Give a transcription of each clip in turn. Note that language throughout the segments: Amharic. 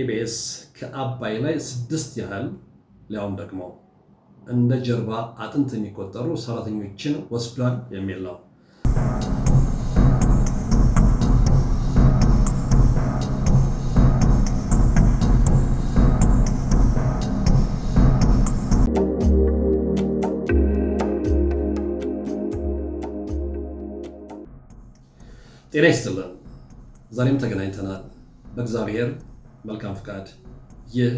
ኢቢኤስ ከአባይ ላይ ስድስት ያህል ሊያውም ደግሞ እንደ ጀርባ አጥንት የሚቆጠሩ ሰራተኞችን ወስዷል የሚል ነው። ጤና ይስጥልን። ዛሬም ተገናኝተናል በእግዚአብሔር መልካም ፍቃድ። ይህ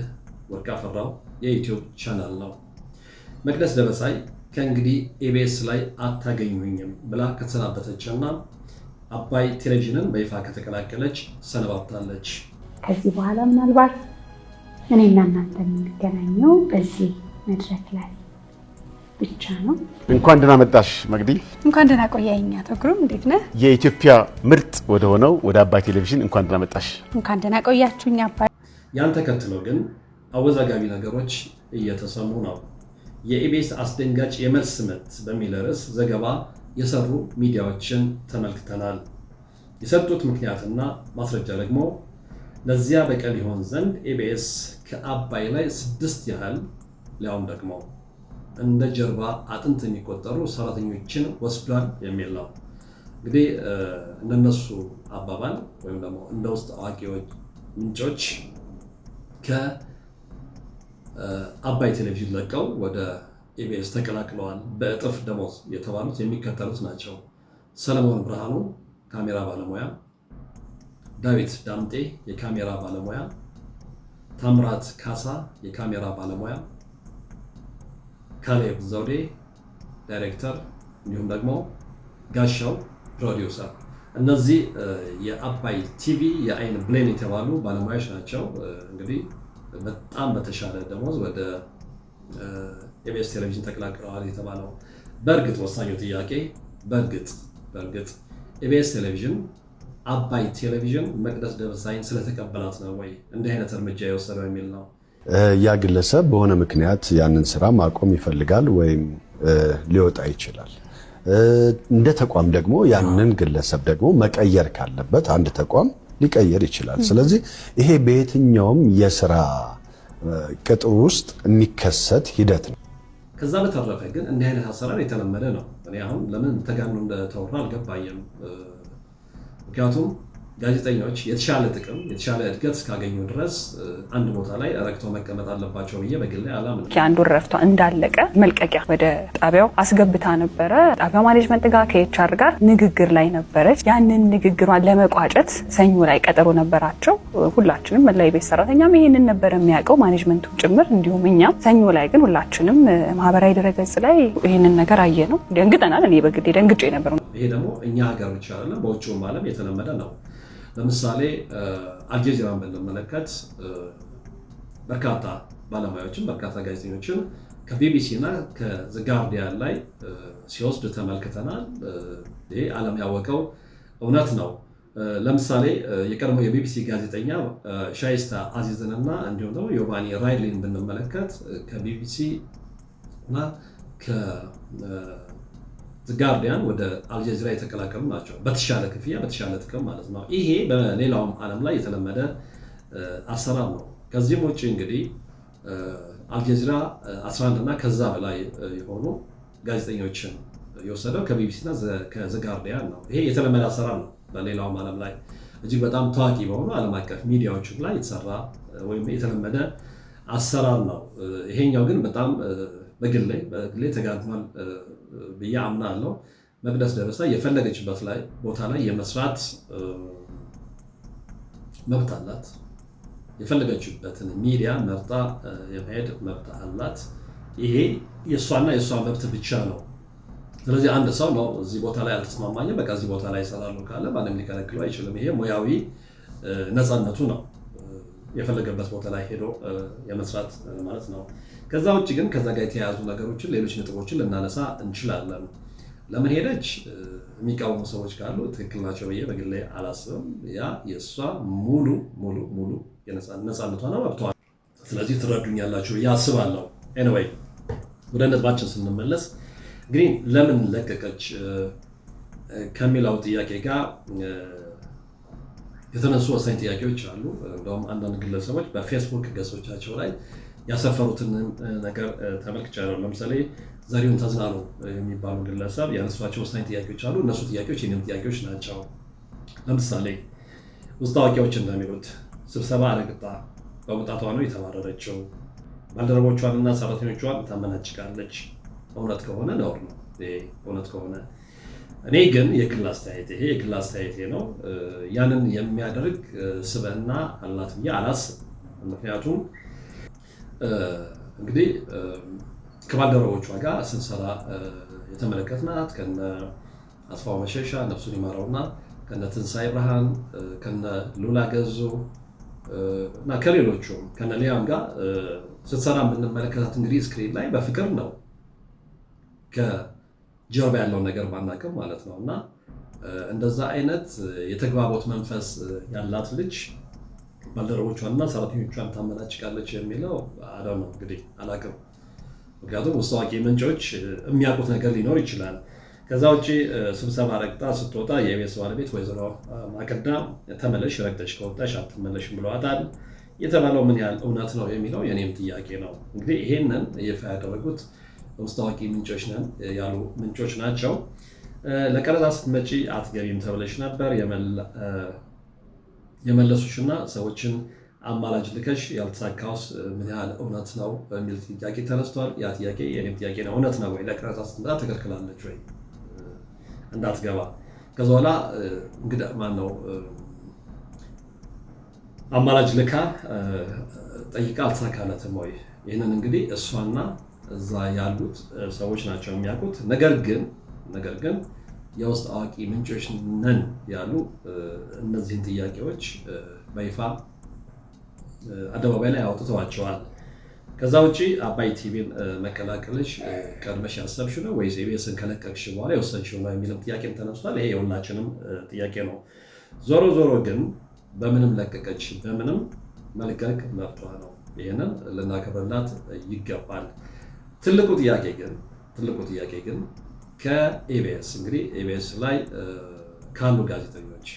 ወርቅ አፈራው የዩቲዩብ ቻናል ነው። መቅደስ ደበሳይ ከእንግዲህ ኤቢኤስ ላይ አታገኙኝም ብላ ከተሰናበተች እና አባይ ቴሌቪዥንን በይፋ ከተቀላቀለች ሰነባብታለች። ከዚህ በኋላ ምናልባት እኔና እናንተ የምንገናኘው በዚህ መድረክ ላይ ብቻ ነው። እንኳን ደህና መጣሽ መግዲ። እንኳን ደህና ቆያኝ አቶ ግሩም፣ እንዴት ነህ? የኢትዮጵያ ምርጥ ወደሆነው ወደ አባይ ቴሌቪዥን እንኳን ደህና መጣሽ። እንኳን ደህና ቆያችሁኝ አባይ። ያን ተከትሎ ግን አወዛጋቢ ነገሮች እየተሰሙ ነው። የኢቢኤስ አስደንጋጭ የመልስ ምት በሚል ርዕስ ዘገባ የሰሩ ሚዲያዎችን ተመልክተናል። የሰጡት ምክንያትና ማስረጃ ደግሞ ለዚያ በቀል ይሆን ዘንድ ኢቢኤስ ከአባይ ላይ ስድስት ያህል ሊያውም ደግሞ እንደ ጀርባ አጥንት የሚቆጠሩ ሰራተኞችን ወስዷል የሚል ነው። እንግዲህ እንደነሱ አባባል ወይም ደግሞ እንደ ውስጥ አዋቂዎች ምንጮች ከአባይ ቴሌቪዥን ለቀው ወደ ኢቢኤስ ተቀላቅለዋል በእጥፍ ደሞዝ የተባሉት የሚከተሉት ናቸው። ሰለሞን ብርሃኑ ካሜራ ባለሙያ፣ ዳዊት ዳምጤ የካሜራ ባለሙያ፣ ታምራት ካሳ የካሜራ ባለሙያ ካሌብ ዘውዴ ዳይሬክተር፣ እንዲሁም ደግሞ ጋሻው ፕሮዲውሰር። እነዚህ የአባይ ቲቪ የአይን ብሌን የተባሉ ባለሙያዎች ናቸው። እንግዲህ በጣም በተሻለ ደሞዝ ወደ ኤቢኤስ ቴሌቪዥን ተቀላቅለዋል የተባለው በእርግጥ ወሳኙ ጥያቄ በእርግጥ በእርግጥ ኤቢኤስ ቴሌቪዥን አባይ ቴሌቪዥን መቅደስ ደብረሳይን ስለተቀበላት ነው ወይ እንዲህ አይነት እርምጃ የወሰደው የሚል ነው። ያ ግለሰብ በሆነ ምክንያት ያንን ስራ ማቆም ይፈልጋል ወይም ሊወጣ ይችላል። እንደ ተቋም ደግሞ ያንን ግለሰብ ደግሞ መቀየር ካለበት አንድ ተቋም ሊቀየር ይችላል። ስለዚህ ይሄ በየትኛውም የስራ ቅጥር ውስጥ የሚከሰት ሂደት ነው። ከዛ በተረፈ ግን እንዲህ አይነት አሰራር የተለመደ ነው። እኔ አሁን ለምን ተጋኖ እንደተወራ አልገባኝም። ምክንያቱም ጋዜጠኞች የተሻለ ጥቅም የተሻለ እድገት እስካገኙ ድረስ አንድ ቦታ ላይ ረግቶ መቀመጥ አለባቸው ብዬ በግል ላይ አላምንም። አንዱ ረፍቷ እንዳለቀ መልቀቂያ ወደ ጣቢያው አስገብታ ነበረ። ጣቢያው ማኔጅመንት ጋር ከኤችአር ጋር ንግግር ላይ ነበረች። ያንን ንግግሯን ለመቋጨት ሰኞ ላይ ቀጠሮ ነበራቸው። ሁላችንም መላ ቤት ሰራተኛም ይህንን ነበረ የሚያውቀው ማኔጅመንቱም ጭምር እንዲሁም እኛም። ሰኞ ላይ ግን ሁላችንም ማህበራዊ ድረገጽ ላይ ይህንን ነገር አየ ነው ደንግጠናል። እኔ በግሌ ደንግጬ ነበር። ይሄ ደግሞ እኛ ሀገር ብቻ አይደለም በውጭውም ዓለም የተለመደ ነው። ለምሳሌ አልጀዚራን ብንመለከት በርካታ ባለሙያዎችን በርካታ ጋዜጠኞችን ከቢቢሲ እና ከዘጋርዲያን ላይ ሲወስድ ተመልክተናል። ይሄ ዓለም ያወቀው እውነት ነው። ለምሳሌ የቀድሞ የቢቢሲ ጋዜጠኛ ሻይስታ አዚዝን እና እንዲሁም ደግሞ ዮቫኒ ራይሊን ብንመለከት ከቢቢሲ እና ጋርዲያን ወደ አልጀዚራ የተቀላቀሉ ናቸው። በተሻለ ክፍያ በተሻለ ጥቅም ማለት ነው። ይሄ በሌላውም ዓለም ላይ የተለመደ አሰራር ነው። ከዚህም ውጭ እንግዲህ አልጀዚራ 11 እና ከዛ በላይ የሆኑ ጋዜጠኞችን የወሰደው ከቢቢሲ እና ከዘጋርዲያን ነው። ይሄ የተለመደ አሰራር ነው። በሌላውም ዓለም ላይ እጅግ በጣም ታዋቂ በሆኑ ዓለም አቀፍ ሚዲያዎች ላይ የተሰራ ወይም የተለመደ አሰራር ነው። ይሄኛው ግን በጣም በግሌ በግሌ ተጋድሟል ብዬ አምናለሁ። መቅደስ ደረሳ የፈለገችበት ላይ ቦታ ላይ የመስራት መብት አላት። የፈለገችበትን ሚዲያ መርጣ የመሄድ መብት አላት። ይሄ የእሷና የእሷ መብት ብቻ ነው። ስለዚህ አንድ ሰው ነው እዚህ ቦታ ላይ አልተስማማኝም፣ በቃ እዚህ ቦታ ላይ ይሰራሉ ካለ ማንም ሊከለክለው አይችልም። ይሄ ሙያዊ ነፃነቱ ነው። የፈለገበት ቦታ ላይ ሄዶ የመስራት ማለት ነው። ከዛ ውጭ ግን ከዛ ጋር የተያያዙ ነገሮችን ሌሎች ነጥቦችን ልናነሳ እንችላለን። ለምን ሄደች የሚቃወሙ ሰዎች ካሉ ትክክል ናቸው ብዬ በግሌ አላስብም። ያ የእሷ ሙሉ ሙሉ ሙሉ ነፃነቷ ነው መብቷ። ስለዚህ ትረዱኛላችሁ ብዬ አስባለሁ። ኤኒዌይ ወደ ነጥባችን ስንመለስ እንግዲህ ለምን ለቀቀች ከሚለው ጥያቄ ጋር የተነሱ ወሳኝ ጥያቄዎች አሉ። እንደውም አንዳንድ ግለሰቦች በፌስቡክ ገጾቻቸው ላይ ያሰፈሩትን ነገር ተመልክቻለሁ። ለምሳሌ ዘሪሁን ተዝናኑ የሚባሉ ግለሰብ ያነሷቸው ወሳኝ ጥያቄዎች አሉ። እነሱ ጥያቄዎች የእኔም ጥያቄዎች ናቸው። ለምሳሌ ውስጥ አዋቂዎች እንደሚሉት ስብሰባ አለቅጣ በመውጣቷ ነው የተባረረችው። እና ሰራተኞቿን ታመናጭቃለች። እውነት ከሆነ ነውር ነው። እውነት ከሆነ እኔ ግን የግል አስተያየት ይሄ የግል አስተያየቴ ነው። ያንን የሚያደርግ ስብዕና አላት ብዬ አላስብ። ምክንያቱም እንግዲህ ከባልደረቦቿ ጋር ስንሰራ የተመለከትናት ከነ አስፋው መሸሻ ነፍሱን ይማረውና ከነ ትንሣኤ ብርሃን ከነ ሉላ ገዙ እና ከሌሎቹም ከነ ሊያም ጋር ስትሰራ የምንመለከታት እንግዲህ ስክሪን ላይ በፍቅር ነው ጀርባ ያለውን ነገር ባናውቅም ማለት ነው። እና እንደዛ አይነት የተግባቦት መንፈስ ያላት ልጅ ባልደረቦቿንና ሰራተኞቿን ታመናጭቃለች የሚለው አዳ ነው እንግዲህ አላቅም። ምክንያቱም ውስጥ አዋቂ ምንጮች የሚያውቁት ነገር ሊኖር ይችላል። ከዛ ውጭ ስብሰባ ረግጣ ስትወጣ የቤት ባለቤት ወይዘሮ ማቅዳ ተመለሽ፣ ረግጠሽ ከወጣሽ አትመለሽም ብለዋታል የተባለው ምን ያህል እውነት ነው የሚለው የኔም ጥያቄ ነው። እንግዲህ ይሄንን ይፋ ያደረጉት ውስጥ ታዋቂ ምንጮች ነን ያሉ ምንጮች ናቸው። ለቀረጻ ስትመጪ አትገቢም ተብለሽ ነበር የመለሱሽ እና ሰዎችን አማላጅ ልከሽ ያልተሳካውስ ምን ያህል እውነት ነው በሚል ጥያቄ ተነስቷል። ያ ጥያቄ የኔም ጥያቄ ነው። እውነት ነው ወይ? ለቀረጻ ስትመጣ ተከልክላለች ወይ እንዳትገባ? ከዛ በኋላ እንግዲህ ማን ነው አማላጅ ልካ ጠይቃ አልተሳካለትም ወይ? ይህንን እንግዲህ እሷና እዛ ያሉት ሰዎች ናቸው የሚያውቁት። ነገር ግን ነገር ግን የውስጥ አዋቂ ምንጮች ነን ያሉ እነዚህን ጥያቄዎች በይፋ አደባባይ ላይ አውጥተዋቸዋል። ከዛ ውጭ አባይ ቲቪን መቀላቀልሽ ቀድመሽ ያሰብሽ ነው ወይ ኢቢኤስን ከለቀቅሽ በኋላ የወሰንሽ ነው የሚልም ጥያቄም ተነስቷል። ይሄ የሁላችንም ጥያቄ ነው። ዞሮ ዞሮ ግን በምንም ለቀቀች በምንም መልቀቅ መብቷ ነው። ይህንን ልናከብርላት ይገባል። ትልቁ ጥያቄ ግን ትልቁ ጥያቄ ግን ከኢቢኤስ እንግዲህ ኢቢኤስ ላይ ካሉ ጋዜጠኞች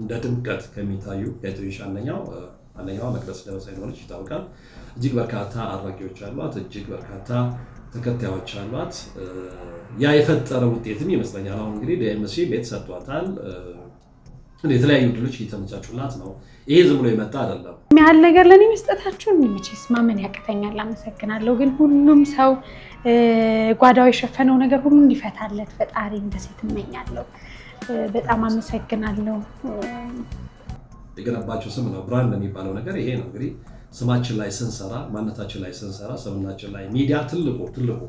እንደ ድምቀት ከሚታዩ ጋዜጠኞች አንደኛው አንደኛው መቅደስ ደረሰ እንደሆነች ይታወቃል። እጅግ በርካታ አድራጊዎች አሏት፣ እጅግ በርካታ ተከታዮች አሏት። ያ የፈጠረ ውጤትም ይመስለኛል አሁን እንግዲህ ለኤምሲ ቤት ሰጥቷታል። የተለያዩ ድሎች እየተመቻቹላት ነው። ይሄ ዝም ብሎ የመጣ አይደለም። ያህል ነገር ለእኔ መስጠታችሁን መቼስ ማመን ያቅተኛል። አመሰግናለሁ። ግን ሁሉም ሰው ጓዳው የሸፈነው ነገር ሁሉ እንዲፈታለት ፈጣሪ እንደሴ ትመኛለሁ። በጣም አመሰግናለሁ። የገነባቸው ስም ነው ብራንድ የሚባለው ነገር ይሄ ነው እንግዲህ ስማችን ላይ ስንሰራ ማነታችን ላይ ስንሰራ ስምናችን ላይ ሚዲያ ትልቁ ትልቁ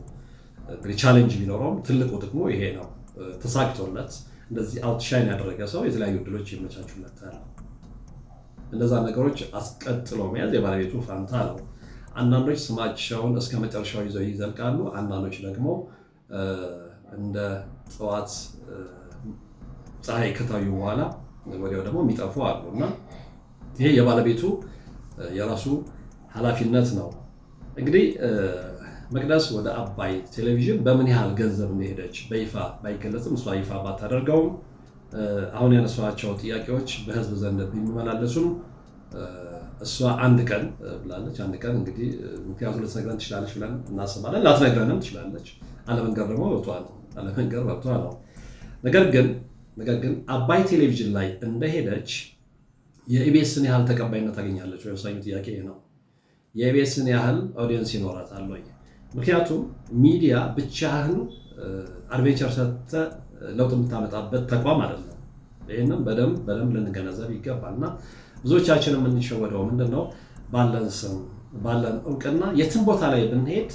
ቻሌንጅ ቢኖረውም ትልቁ ጥቅሙ ይሄ ነው ተሳክቶለት እንደዚህ አውትሻይን ያደረገ ሰው የተለያዩ እድሎች ይመቻቹለታል። እነዛ ነገሮች አስቀጥሎ መያዝ የባለቤቱ ፋንታ ነው። አንዳንዶች ስማቸውን እስከ መጨረሻው ይዘው ይዘልቃሉ። አንዳንዶች ደግሞ እንደ ጠዋት ፀሐይ ከታዩ በኋላ ወዲያው ደግሞ የሚጠፉ አሉ እና ይሄ የባለቤቱ የራሱ ኃላፊነት ነው እንግዲህ መቅደስ ወደ አባይ ቴሌቪዥን በምን ያህል ገንዘብ እንደሄደች በይፋ ባይገለጽም እሷ ይፋ ባታደርገውም አሁን ያነሷቸው ጥያቄዎች በህዝብ ዘንድ ቢመላለሱም እሷ አንድ ቀን ብላለች። አንድ ቀን እንግዲህ ምክንያቱ ልትነግረን ትችላለች ብለን እናስባለን። ላትነግረንም ትችላለች። አለመንገር ደግሞ መብቷ ነው። አለመንገር መብቷ ነው። ነገር ግን ነገር ግን አባይ ቴሌቪዥን ላይ እንደሄደች የኢቢኤስን ያህል ተቀባይነት ታገኛለች ወሳኙ ጥያቄ ነው። የኢቢኤስን ያህል ኦዲየንስ ይኖራታል ወይ? ምክንያቱም ሚዲያ ብቻህን አድቬንቸር ሰተ ለውጥ የምታመጣበት ተቋም አይደለም። ይህንም በደንብ በደንብ ልንገነዘብ ይገባል እና ብዙዎቻችን የምንሸወደው ምንድን ነው? ባለን ስም ባለን እውቅና የትም ቦታ ላይ ብንሄድ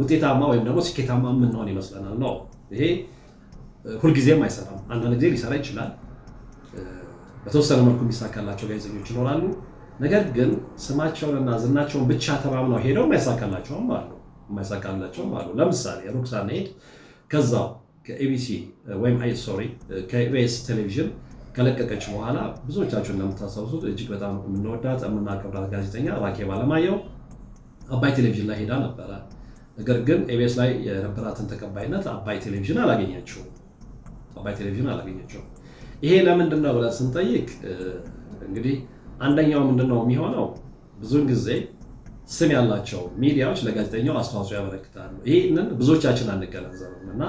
ውጤታማ ወይም ደግሞ ስኬታማ የምንሆን ይመስለናል። ነው ይሄ ሁልጊዜም አይሰራም። አንዳንድ ጊዜ ሊሰራ ይችላል። በተወሰነ መልኩ የሚሳካላቸው ጋዜጠኞች ይኖራሉ። ነገር ግን ስማቸውንና ዝናቸውን ብቻ ተማምነው ሄደው የማይሳካላቸውም አሉ የማይሳካላቸውም አሉ። ለምሳሌ ሩቅ ሄድ ከዛው ከኤቢሲ ወይም አይ ሶሪ ከኢቢኤስ ቴሌቪዥን ከለቀቀች በኋላ ብዙዎቻችሁ እንደምታስታውሱት እጅግ በጣም የምንወዳት የምናከብራት ጋዜጠኛ ራኬብ አለማየሁ አባይ ቴሌቪዥን ላይ ሄዳ ነበረ። ነገር ግን ኤቢኤስ ላይ የነበራትን ተቀባይነት አባይ ቴሌቪዥን አላገኘችውም። አባይ ቴሌቪዥን አላገኘችውም። ይሄ ለምንድን ነው ብለን ስንጠይቅ እንግዲህ አንደኛው ምንድን ነው የሚሆነው? ብዙውን ጊዜ ስም ያላቸው ሚዲያዎች ለጋዜጠኛው አስተዋጽኦ ያበረክታሉ። ይህንን ብዙዎቻችን አንገነዘብም እና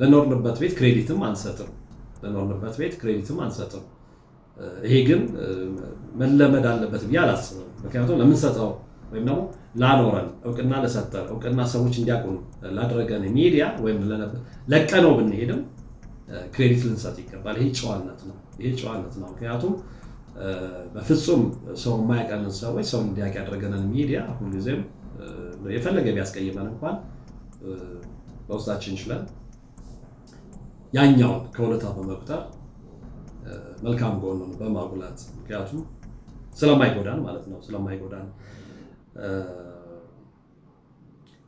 ለኖርንበት ቤት ክሬዲትም አንሰጥም ለኖርንበት ቤት ክሬዲትም አንሰጥም። ይሄ ግን መለመድ አለበት ብዬ አላስብም። ምክንያቱም ለምንሰጠው ወይም ደግሞ ላኖረን እውቅና ለሰጠን እውቅና ሰዎች እንዲያውቁን ላደረገን ሚዲያ ወይም ለቀነው ብንሄድም ክሬዲት ልንሰጥ ይገባል። ይሄ ጨዋነት ነው። ይሄ ጨዋነት ነው ምክንያቱም በፍጹም ሰው የማያውቀንን ሰዎች ሰው እንዲያውቅ ያደረገንን ሚዲያ ሁልጊዜም የፈለገ ቢያስቀይመን እንኳን በውስጣችን ይችላል ያኛውን ከሁለታ በመቁጠር መልካም ጎኑን በማጉላት ምክንያቱም ስለማይጎዳን ማለት ነው ስለማይጎዳን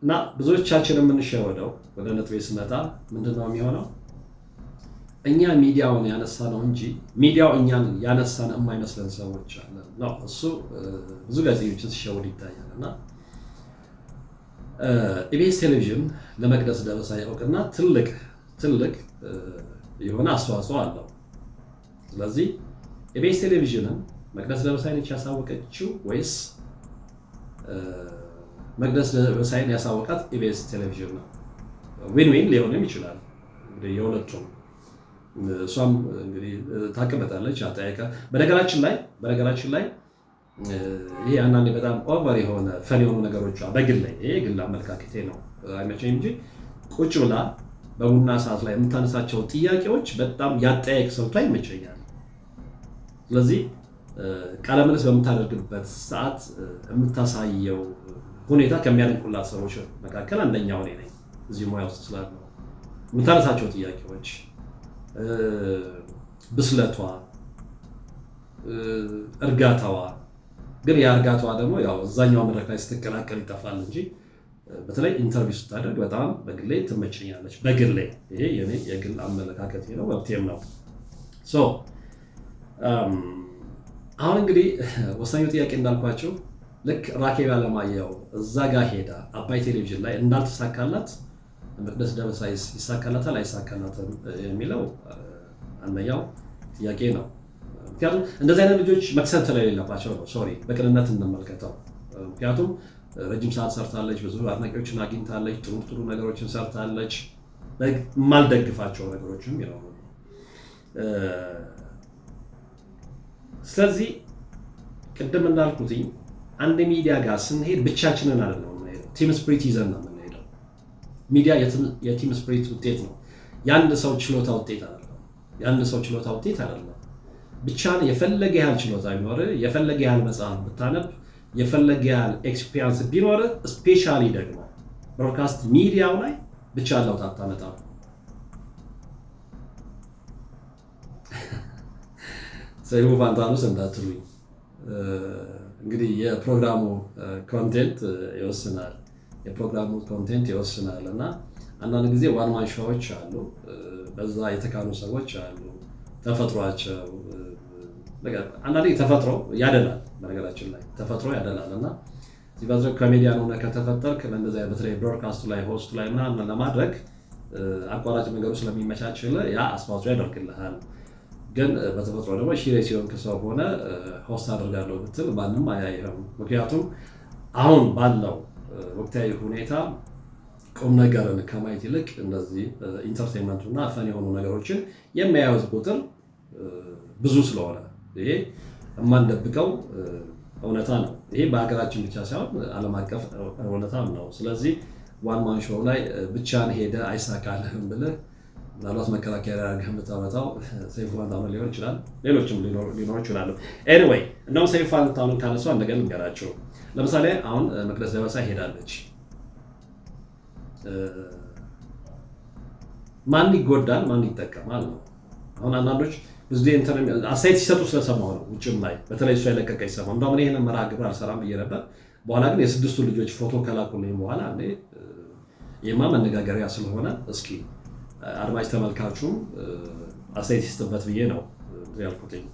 እና ብዙዎቻችን የምንሸወደው ወደ ነጥቤ ስመጣ ምንድነው የሚሆነው እኛ ሚዲያውን ያነሳ ነው እንጂ ሚዲያው እኛን ያነሳን የማይመስለን ሰዎች አለ ነው። እሱ ብዙ ጋዜጦችን ሲሸውድ ይታያል። እና ኢቢኤስ ቴሌቪዥን ለመቅደስ ደበሳ እውቅና ትልቅ ትልቅ የሆነ አስተዋጽኦ አለው። ስለዚህ ኢቢኤስ ቴሌቪዥንን መቅደስ ደበሳይ ነች ያሳወቀችው ወይስ መቅደስ ደበሳይን ያሳወቃት ኢቢኤስ ቴሌቪዥን ነው? ዊን ዊን ሊሆንም ይችላል የሁለቱም እሷም እንግዲህ ታቅበታለች አጠያይቀ በነገራችን ላይ በነገራችን ላይ ይሄ አንዳንዴ በጣም ኦቨር የሆነ ፈን የሆኑ ነገሮች በግል ላይ ይሄ ግል አመለካከቴ ነው አይመቸኝ እንጂ ቁጭ ብላ በቡና ሰዓት ላይ የምታነሳቸው ጥያቄዎች በጣም ያጠያይቅ ሰብቷ ይመቸኛል። ስለዚህ ቃለምልስ በምታደርግበት ሰዓት የምታሳየው ሁኔታ ከሚያደንቁላት ሰዎች መካከል አንደኛው እኔ ነኝ። እዚህ ሙያ ውስጥ ስላለው የምታነሳቸው ጥያቄዎች ብስለቷ፣ እርጋታዋ ግን ያ ደግሞ ያው እዛኛው መድረክ ላይ ስትቀላቀል ይጠፋል እንጂ በተለይ ኢንተርቪው ስታደርግ በጣም በግሌ ትመቸኛለች። በግሌ ይሄ የኔ የግል አመለካከት ነው፣ መብቴም ነው። አሁን እንግዲህ ወሳኙ ጥያቄ እንዳልኳቸው ልክ ራኬብ አለማየሁ እዛ ጋር ሄዳ አባይ ቴሌቪዥን ላይ እንዳልተሳካላት መቅደስ ዳመሳ ይሳካላታል አይሳካላትም የሚለው አንደኛው ጥያቄ ነው። ምክንያቱም እንደዚህ አይነት ልጆች መክሰል ስለሌለባቸው ነው። ሶሪ በቅንነት እንመልከተው። ምክንያቱም ረጅም ሰዓት ሰርታለች፣ ብዙ አድናቂዎችን አግኝታለች፣ ጥሩ ጥሩ ነገሮችን ሰርታለች። የማልደግፋቸው ነገሮችም ይለው ስለዚህ ቅድም እንዳልኩትኝ አንድ ሚዲያ ጋር ስንሄድ ብቻችንን አይደለም ቲም ስፕሪት ይዘን ነው ሚዲያ የቲም ስፕሪት ውጤት ነው። የአንድ ሰው ችሎታ ውጤት አይደለም። የአንድ ሰው ችሎታ ውጤት አይደለም። ብቻን የፈለገ ያህል ችሎታ ቢኖር፣ የፈለገ ያህል መጽሐፍ ብታነብ፣ የፈለገ ያህል ኤክስፒሪያንስ ቢኖር፣ ስፔሻሊ ደግሞ ብሮድካስት ሚዲያው ላይ ብቻ ለውጥ አታመጣም። ሰይፉ ፋንታኑስ እንዳትሉኝ እንግዲህ የፕሮግራሙ ኮንቴንት ይወስናል። የፕሮግራሙ ኮንቴንት ይወስናል እና አንዳንድ ጊዜ ዋን ሾዎች አሉ። በዛ የተካኑ ሰዎች አሉ። ተፈጥሯቸው አንዳንዴ ተፈጥሮ ያደላል። በነገራችን ላይ ተፈጥሮ ያደላል እና እዚህ በድረግ ኮሜዲያን ከተፈጠርክ በእንደዚህ በተለይ ብሮድካስቱ ላይ ሆስቱ ላይ ምናምን ለማድረግ አቋራጭ ነገሩ ስለሚመቻችልህ ያ አስተዋጽኦ ያደርግልሃል። ግን በተፈጥሮ ደግሞ ሺሬ ሲሆን ከሰው ሆነ ሆስት አደርጋለሁ ብትል ማንም አያይህም። ምክንያቱም አሁን ባለው ወቅታዊ ሁኔታ ቁም ነገርን ከማየት ይልቅ እንደዚህ ኢንተርቴንመንቱ እና ፈን የሆኑ ነገሮችን የሚያዩት ቁጥር ብዙ ስለሆነ ይሄ የማንደብቀው እውነታ ነው። ይሄ በሀገራችን ብቻ ሳይሆን ዓለም አቀፍ እውነታም ነው። ስለዚህ ዋን ማን ሾው ላይ ብቻን ሄደ አይሳካልህም ብልህ ምናልባት መከላከያ ያደርግህ የምታመጣው ሰይፉ ፋንታሁን ሊሆን ይችላል፣ ሌሎችም ሊኖሩ ይችላሉ። ኤኒዌይ እንደውም ሰይፉ ፋንታሁንን ካነሱ አንድ ነገር ልንገራቸው ለምሳሌ አሁን መቅደስ ደበሳ ሄዳለች። ማን ይጎዳል? ማን ይጠቀማል ነው። አሁን አንዳንዶች ብዙ አስተያየት ሲሰጡ ስለሰማሁ ነው። ውጭም ላይ በተለይ እሷ የለቀቀ ይሰማ እንደሁም ይህን መርሃ ግብር አልሰራም ብዬ ነበር። በኋላ ግን የስድስቱ ልጆች ፎቶ ከላኩልኝ በኋላ እንዴ ይህማ መነጋገሪያ ስለሆነ እስኪ አድማጭ ተመልካቹ አስተያየት ሲስጥበት ብዬ ነው ያልኩትኝ።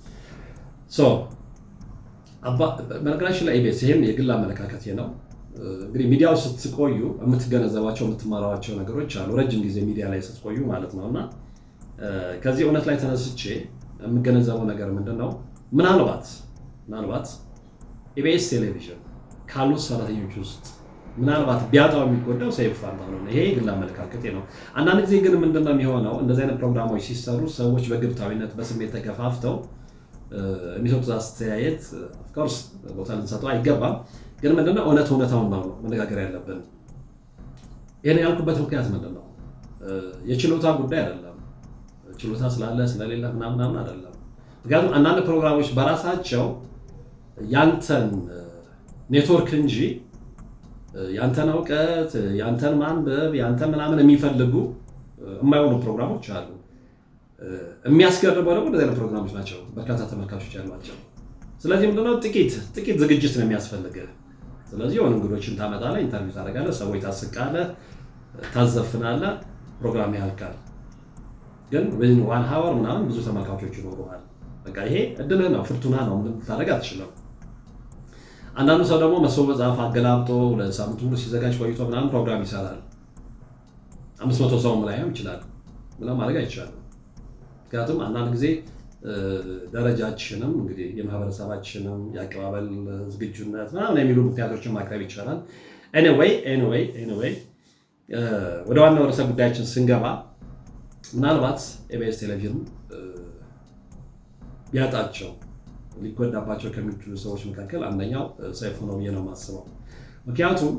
በነገራችን ላይ ኢቢኤስ ይህም የግል አመለካከት ነው። እንግዲህ ሚዲያው ስትቆዩ የምትገነዘባቸው የምትማራቸው ነገሮች አሉ፣ ረጅም ጊዜ ሚዲያ ላይ ስትቆዩ ማለት ነው። እና ከዚህ እውነት ላይ ተነስቼ የምገነዘበው ነገር ምንድን ነው? ምናልባት ምናልባት ኢቤስ ቴሌቪዥን ካሉት ሰራተኞች ውስጥ ምናልባት ቢያጣው የሚጎዳው ሰይፉ ፋንታሁን ነው። ይሄ ግን አመለካከቴ ነው። አንዳንድ ጊዜ ግን ምንድነው የሚሆነው? እንደዚህ አይነት ፕሮግራሞች ሲሰሩ ሰዎች በግብታዊነት በስሜት ተገፋፍተው የሚሰጡት አስተያየት ኦፍኮርስ ቦታ ልንሰጠው አይገባም። ግን ምንድነው እውነት እውነታውን ነው መነጋገር ያለብን። ይህን ያልኩበት ምክንያት ምንድነው? የችሎታ ጉዳይ አይደለም። ችሎታ ስላለ ስለሌለ ምናምናምን አይደለም። ምክንያቱም አንዳንድ ፕሮግራሞች በራሳቸው ያንተን ኔትወርክ እንጂ ያንተን እውቀት፣ ያንተን ማንበብ፣ ያንተን ምናምን የሚፈልጉ የማይሆኑ ፕሮግራሞች አሉ። የሚያስገርመው ደግሞ እንደዚህ አይነት ፕሮግራሞች ናቸው በርካታ ተመልካቾች ያሏቸው። ስለዚህ ምንድነው ጥቂት ጥቂት ዝግጅት ነው የሚያስፈልገ። ስለዚህ የሆኑ እንግዶችን ታመጣለህ፣ ኢንተርቪው ታደርጋለህ፣ ሰዎች ታስቃለህ፣ ታዘፍናለህ፣ ፕሮግራም ያልቃል። ግን ወይን ዋን ሀወር ምናምን ብዙ ተመልካቾች ይኖረዋል። በቃ ይሄ እድልህ ነው፣ ፍርቱና ነው። ምንም ልታደርግ አትችልም። አንዳንዱ ሰው ደግሞ መሰው መጽሐፍ አገላብጦ ለሳምንቱ ሙሉ ሲዘጋጅ ቆይቶ ምናምን ፕሮግራም ይሰራል። አምስት መቶ ሰው ላይም ይችላል። ምንም ማድረግ አይቻልም። ምክንያቱም አንዳንድ ጊዜ ደረጃችንም እንግዲህ የማህበረሰባችንም የአቀባበል ዝግጁነት ምናምን የሚሉ ምክንያቶችን ማቅረብ ይቻላል። ኤኒዌይ ኤኒዌይ ኤኒዌይ ወደ ዋናው ርዕሰ ጉዳያችን ስንገባ ምናልባት ኤቢኤስ ቴሌቪዥን ቢያጣቸው ሊጎዳባቸው ከሚችሉ ሰዎች መካከል አንደኛው ሰይፉ ነው ብዬ ነው የማስበው። ምክንያቱም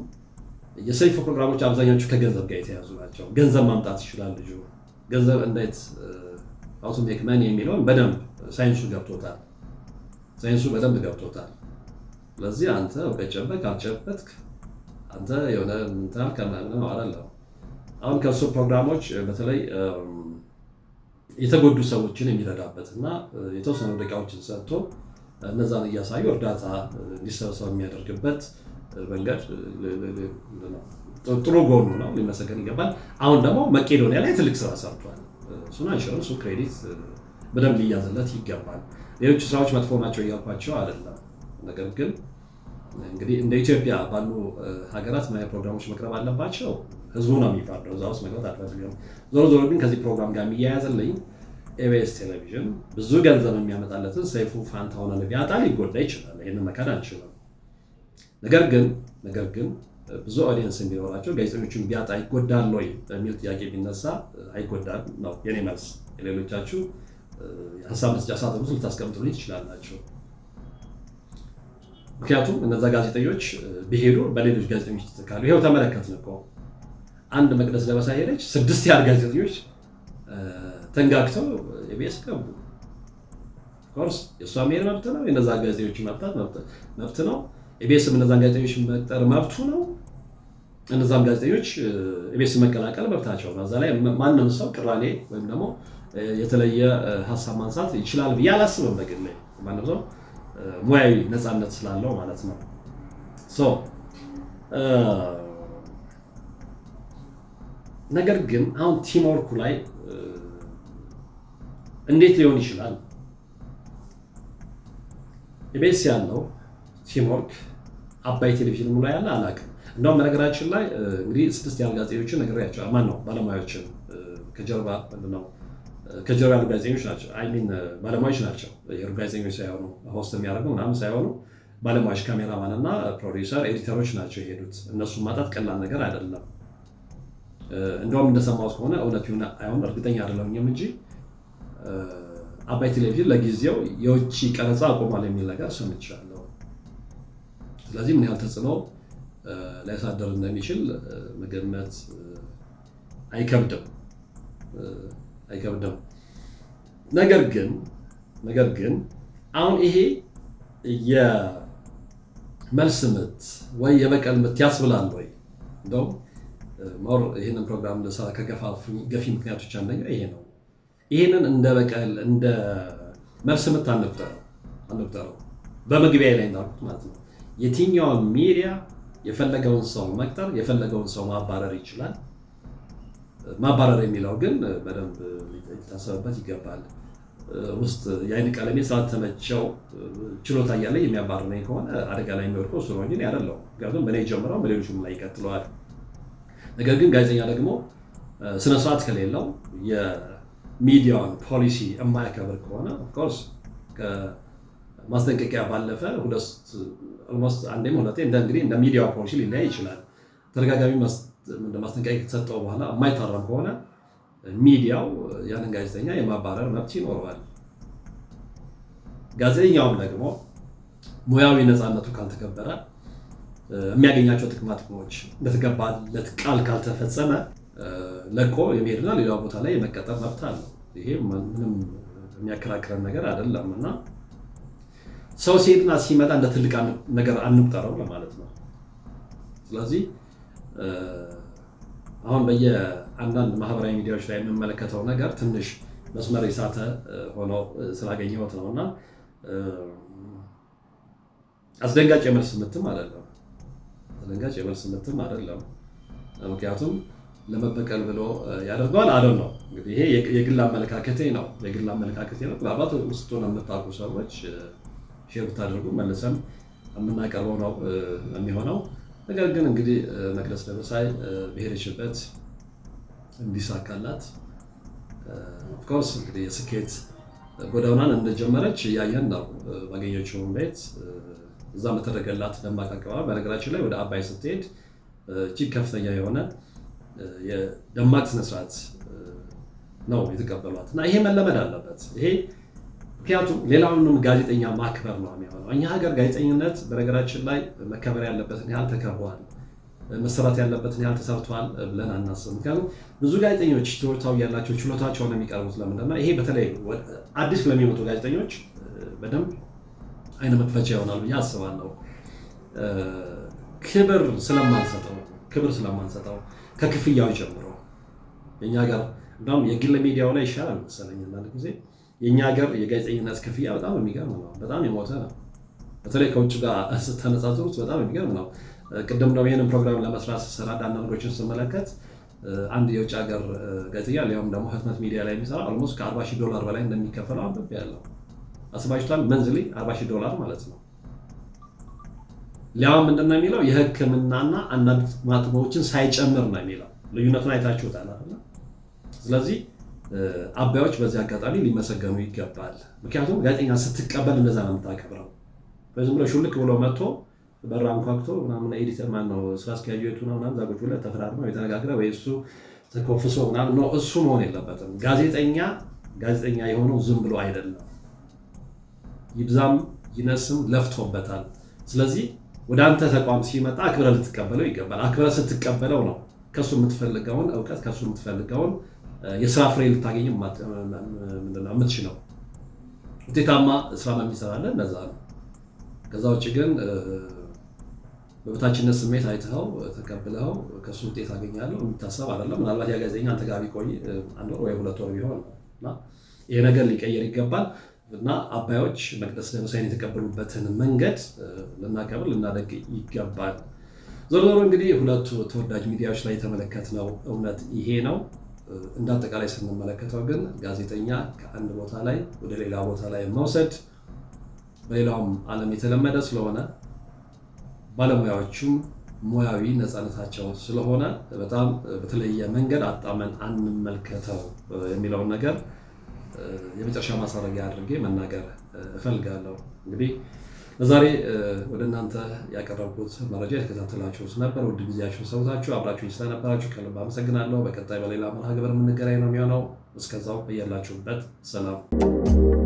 የሰይፉ ፕሮግራሞች አብዛኛዎቹ ከገንዘብ ጋር የተያዙ ናቸው። ገንዘብ ማምጣት ይችላል ልጁ ገንዘብ እንዴት ሀው መን የሚለውን በደንብ ሳይንሱ ገብቶታል። ሳይንሱ በደንብ ገብቶታል። ስለዚህ አንተ እውቀት ጨበቅ አልጨበጥክ አንተ የሆነ ምንታል ከምናምን አይደለም። አሁን ከእሱ ፕሮግራሞች በተለይ የተጎዱ ሰዎችን የሚረዳበት እና የተወሰኑ ደቂቃዎችን ሰጥቶ እነዛን እያሳዩ እርዳታ እንዲሰበሰብ የሚያደርግበት መንገድ ጥሩ ጎኑ ነው፣ ሊመሰገን ይገባል። አሁን ደግሞ መቄዶኒያ ላይ ትልቅ ስራ ሰርቷል። እሱን አንሽርም። እሱ ክሬዲት በደንብ ሊያዝለት ይገባል። ሌሎች ስራዎች መጥፎ ናቸው እያልኳቸው አይደለም። ነገር ግን እንግዲህ እንደ ኢትዮጵያ ባሉ ሀገራት ምን ፕሮግራሞች መቅረብ አለባቸው? ህዝቡ ነው የሚፈርደው። እዛ ውስጥ መግባት አለበት። ዞሮ ዞሮ ግን ከዚህ ፕሮግራም ጋር የሚያያዝልኝ ኤቤስ ቴሌቪዥን ብዙ ገንዘብ የሚያመጣለትን ሰይፉ ፋንታሁንን ቢያጣ ሊጎዳ ይችላል። ይህን መካድ አንችልም። ነገር ግን ነገር ግን ብዙ ኦዲየንስ የሚኖራቸው ጋዜጠኞችን ቢያጣ ይጎዳል ወይ የሚል ጥያቄ ቢነሳ አይጎዳል ነው የኔ መልስ። የሌሎቻችሁ ሀሳብ መስጫ ሳጥን ውስጥ ልታስቀምጡልኝ ትችላላችሁ። ምክንያቱም እነዛ ጋዜጠኞች ቢሄዱ በሌሎች ጋዜጠኞች ይተካሉ። ይኸው ተመለከትን እኮ አንድ መቅደስ ለበሳ ሄደች፣ ስድስት ያህል ጋዜጠኞች ተንጋግተው ኢቢኤስ ገቡ። ኦፍኮርስ የእሷ መሄድ መብት ነው፣ የነዛ ጋዜጠኞች መብት ነው። ኢቢኤስም እነዛን ጋዜጠኞች መቅጠር መብቱ ነው። እነዛም ጋዜጠኞች ኤቤስ መቀላቀል መብታቸው ነው። እዛ ላይ ማንም ሰው ቅራኔ ወይም ደግሞ የተለየ ሀሳብ ማንሳት ይችላል ብዬ አላስብም። ላይ ማንም ሰው ሙያዊ ነፃነት ስላለው ማለት ነው። ነገር ግን አሁን ቲምወርኩ ላይ እንዴት ሊሆን ይችላል? ኢቢኤስ ያለው ቲምወርክ አባይ ቴሌቪዥን ሙሉ ያለ አላውቅም እንደውም በነገራችን ላይ እንግዲህ ስድስት ያህል ጋዜጠኞችን ነግሬያቸዋል። ማን ነው ባለሙያዎችን ከጀርባ ነው ከጀርባ ያሉ ጋዜጠኞች ናቸው። አይ ሚን ባለሙያዎች ናቸው። የሩ ጋዜጠኞች ሳይሆኑ ሆስት የሚያደርገው ምናምን ሳይሆኑ ባለሙያዎች፣ ካሜራማን እና ፕሮዲውሰር፣ ኤዲተሮች ናቸው የሄዱት። እነሱን ማጣት ቀላል ነገር አይደለም። እንደውም እንደሰማሁት ከሆነ እውነት ይሁን አይሆን እርግጠኛ አይደለሁም እንጂ አባይ ቴሌቪዥን ለጊዜው የውጭ ቀረጻ አቆሟል የሚል ነገር ሰምቻለሁ። ስለዚህ ምን ያህል ተጽዕኖ ሊያሳደር እንደሚችል መገመት አይከብድም አይከብድም። ነገር ግን ነገር ግን አሁን ይሄ የመልስ ምት ወይ የበቀል ምት ያስብላል ወይ? እንደው ሞር ይህንን ፕሮግራም ልሰራ ከገፋፉ ገፊ ምክንያቶች አንደኛው ይሄ ነው። ይህንን እንደ በቀል እንደ መልስ ምት አንቁጠረው አንቁጠረው። በመግቢያ ላይ እንዳልኩት ማለት ነው የትኛውን ሚዲያ የፈለገውን ሰው መቅጠር የፈለገውን ሰው ማባረር ይችላል። ማባረር የሚለው ግን በደንብ ሊታሰብበት ይገባል። ውስጥ የአይን ቀለሜ ስላልተመቸው ችሎታ እያለ የሚያባርረኝ ከሆነ አደጋ ላይ የሚወድቀው እሱ ነው እንጂ አይደለሁም። ምክንያቱም በእኔ ጀምረው በሌሎችም ላይ ይቀጥለዋል። ነገር ግን ጋዜጠኛ ደግሞ ስነስርዓት ከሌለው የሚዲያውን ፖሊሲ የማያከብር ከሆነ ኦፍኮርስ ማስጠንቀቂያ ባለፈ ሁለት ኦልሞስት አንዴም ሁለቴ እንግዲህ እንደ ሚዲያ ፖሊሲ ሊለያይ ይችላል። ተደጋጋሚ ማስጠንቀቂያ ከተሰጠው በኋላ የማይታረም ከሆነ ሚዲያው ያንን ጋዜጠኛ የማባረር መብት ይኖረዋል። ጋዜጠኛውም ደግሞ ሙያዊ ነፃነቱ ካልተከበረ የሚያገኛቸው ጥቅማ ጥቅሞች እንደተገባለት ቃል ካልተፈጸመ ለቆ የመሄድና ሌላ ቦታ ላይ የመቀጠር መብት አለው። ይሄ ምንም የሚያከራክረን ነገር አይደለም እና ሰው ሴጥና ሲመጣ እንደ ትልቅ ነገር አንቁጠረው ለማለት ነው። ስለዚህ አሁን በየአንዳንድ ማህበራዊ ሚዲያዎች ላይ የምመለከተው ነገር ትንሽ መስመር የሳተ ሆኖ ስላገኘሁት ነው እና አስደንጋጭ የመልስ ምትም አይደለም። አስደንጋጭ የመልስ ምትም አይደለም። ምክንያቱም ለመበቀል ብሎ ያደርገዋል አለ ነው። እንግዲህ ይሄ የግል አመለካከቴ ነው። የግል አመለካከቴ ነው። ምናልባት ውስጡን የምታውቁ ሰዎች ሼር ብታደርጉ መልሰን የምናቀርበው ነው የሚሆነው። ነገር ግን እንግዲህ መቅደስ ደበሳይ ብሄረችበት እንዲሳካላት ኦፍኮርስ እንግዲህ የስኬት ጎዳናዋን እንደጀመረች እያየን ነው። ባገኘችውን ቤት እዛ በተደረገላት ደማቅ አቀባበል፣ በነገራችን ላይ ወደ አባይ ስትሄድ እጅግ ከፍተኛ የሆነ የደማቅ ስነስርዓት ነው የተቀበሏት እና ይሄ መለመድ አለበት ይሄ ምክንያቱም ሌላውንም ጋዜጠኛ ማክበር ነው የሚሆነው። እኛ ሀገር ጋዜጠኝነት በነገራችን ላይ መከበር ያለበትን ያህል ተከብሯል፣ መሰራት ያለበትን ያህል ተሰርቷል ብለን አናስብ። ምክንያቱም ብዙ ጋዜጠኞች ትምህርታዊ ያላቸው ችሎታቸውን የሚቀርቡት ለምንድን ይሄ በተለይ አዲስ ለሚመጡ ጋዜጠኞች በደንብ አይነ መክፈቻ ይሆናል ብዬ አስባለሁ። ክብር ስለማንሰጠው ክብር ስለማንሰጠው ከክፍያው ጀምሮ እኛ ጋር እንደውም የግል ሚዲያው ላይ ይሻላል መሰለኝ አንዳንድ ጊዜ የእኛ ሀገር የጋዜጠኝነት ክፍያ በጣም የሚገርም ነው። በጣም የሞተ ነው። በተለይ ከውጭ ጋር ስታነጻጽሩት በጣም የሚገርም ነው። ቅድም ደግሞ ይህንን ፕሮግራም ለመስራት ስሰራ ነገሮችን ስመለከት አንድ የውጭ ሀገር ጋዜጠኛ ሊሆም ደግሞ ህትመት ሚዲያ ላይ የሚሰራ ኦልሞስት ከአርባ ሺህ ዶላር በላይ እንደሚከፈለው አንብብ ያለው አስባጅቷል። መንዝሊ አርባ ሺህ ዶላር ማለት ነው። ሊያውም ምንድን ነው የሚለው የህክምናና አንዳንድ ማትሞችን ሳይጨምር ነው የሚለው ልዩነቱን አይታችሁታል። ስለዚህ አባዮች በዚህ አጋጣሚ ሊመሰገኑ ይገባል። ምክንያቱም ጋዜጠኛ ስትቀበል እንደዛ ነው የምታከብረው። ዝም ብሎ ሹልክ ብሎ መጥቶ በራ አንኳኩቶ ምናምን ኤዲተር ማን ነው ስራ አስኪያጁ የቱ ነው ምናምን ዛጎች ብለህ ተፈራርመው የተነጋግረ ወይ እሱ ተኮፍሶ ምናምን ነው እሱ መሆን የለበትም። ጋዜጠኛ ጋዜጠኛ የሆነው ዝም ብሎ አይደለም። ይብዛም ይነስም ለፍቶበታል። ስለዚህ ወደ አንተ ተቋም ሲመጣ አክብረ ልትቀበለው ይገባል። አክብረ ስትቀበለው ነው ከሱ የምትፈልገውን እውቀት ከሱ የምትፈልገውን የስራ ፍሬ ልታገኝ ነው ውጤታማ ስራ የሚሰራለ እነዛ ነው። ከዛ ውጭ ግን በበታችነት ስሜት አይተኸው ተቀብለው ከሱ ውጤት አገኛለሁ የሚታሰብ አይደለም። ምናልባት ያ ጋዜጠኛ አንተ ጋር ቢቆይ አንድ ወር ወይ ሁለት ወር ቢሆን እና ይሄ ነገር ሊቀየር ይገባል እና አባዮች መቅደስ ደመሳይን የተቀበሉበትን መንገድ ልናከብር ልናደግ ይገባል። ዞሮ ዞሮ እንግዲህ ሁለቱ ተወዳጅ ሚዲያዎች ላይ የተመለከትነው እውነት ይሄ ነው። እንደ አጠቃላይ ስንመለከተው ግን ጋዜጠኛ ከአንድ ቦታ ላይ ወደ ሌላ ቦታ ላይ መውሰድ በሌላውም ዓለም የተለመደ ስለሆነ ባለሙያዎቹም ሙያዊ ነፃነታቸው ስለሆነ በጣም በተለየ መንገድ አጣመን አንመልከተው የሚለውን ነገር የመጨረሻ ማሳረጊያ አድርጌ መናገር እፈልጋለሁ እንግዲህ በዛሬ ወደ እናንተ ያቀረብኩት መረጃ የተከታተላችሁት ነበር። ውድ ጊዜያችሁን ሰውታችሁ አብራችሁኝ ስለነበራችሁ ከልብ አመሰግናለሁ። በቀጣይ በሌላ መርሃ ግብር የምንገናኝ ነው የሚሆነው። እስከዛው እያላችሁበት ሰላም